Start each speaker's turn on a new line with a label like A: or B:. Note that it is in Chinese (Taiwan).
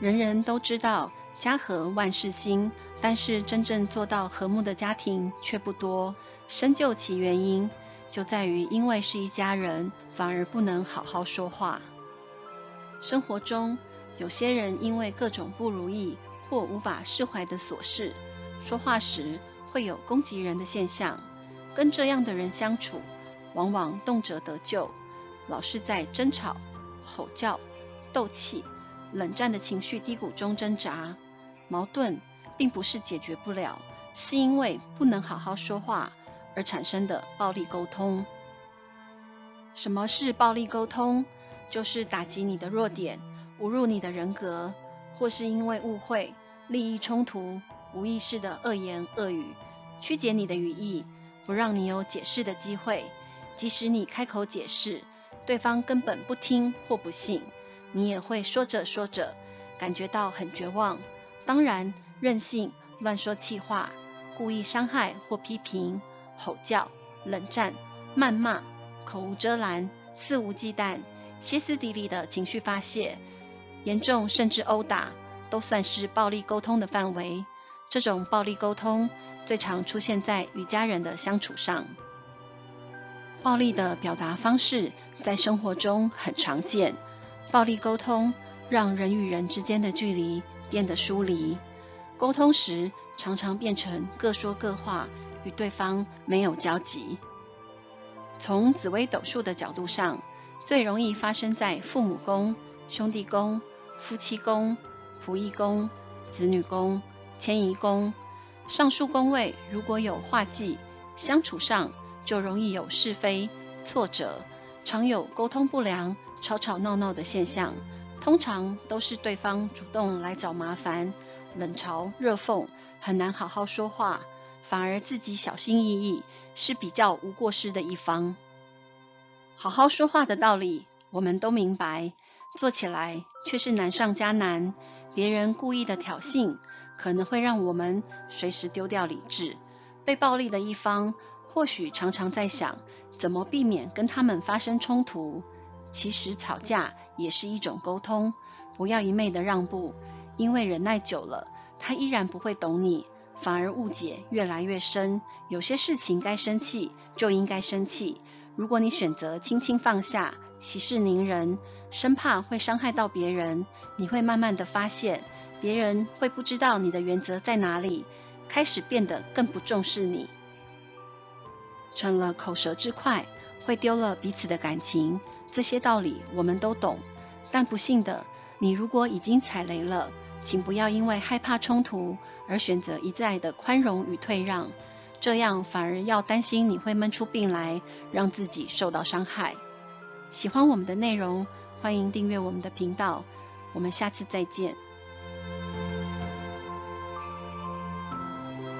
A: 人人都知道家和萬事興，但是真正做到和睦的家庭卻不多。深究其原因，就在於因為是一家人，反而不能好好說話。生活中，有些人因為各種不如意或無法釋懷的瑣事，說話時會有攻擊人的現象。跟這樣的人相處，往往動輒得咎，老是在爭吵、吼叫、鬥氣。冷戰的情緒低谷中掙扎，矛盾並不是解決不了，是因為不能好好說話而產生的暴力溝通。什麼是暴力溝通？就是打擊你的弱點，侮辱你的人格，或是因為誤會、利益衝突、無意識的惡言惡語，曲解你的語意，不讓你有解釋的機會。即使你開口解釋，對方根本不聽或不信。你也會說着說着，感覺到很絕望。當然，任性、亂說氣話、故意傷害或批評、吼叫、冷戰、謾罵、口無遮攔、肆無忌憚、歇斯底里的情緒發洩，嚴重甚至毆打，都算是暴力溝通的範圍。這種暴力溝通最常出現在與家人的相處上。暴力的表達方式在生活中很常見。暴力溝通讓人與人之間的距離變得疏離，溝通時常常變成各說各話，與對方沒有交集。從紫微斗數的角度上，最容易發生在父母宮、兄弟宮、夫妻宮、僕役宮、子女宮、遷移宮。上述宮位如果有化忌，相處上就容易有是非、挫折，常有溝通不良。吵吵鬧鬧的現象，通常都是對方主動來找麻煩，冷嘲熱諷，很難好好說話，反而自己小心翼翼，是比較無過失的一方。好好說話的道理，我們都明白，做起來卻是難上加難。別人故意的挑釁，可能會讓我們隨時丟掉理智。被暴力的一方，或許常常在想，怎麼避免跟他們發生衝突。其實吵架也是一種溝通，不要一昧的讓步，因為忍耐久了，他依然不會懂你，反而誤解越來越深。有些事情該生氣就應該生氣，如果你選擇輕輕放下，息事寧人，生怕會傷害到別人，你會慢慢的發現，別人會不知道你的原則在哪裡，開始變得更不重視你，成了口舌之快，會丟了彼此的感情。這些道理我們都懂，但不幸的，你如果已經踩雷了，請不要因為害怕衝突而選擇一再的寬容與退讓，這樣反而要擔心你會悶出病來，讓自己受到傷害。喜歡我們的內容，歡迎訂閱我們的頻道，我們下次再見。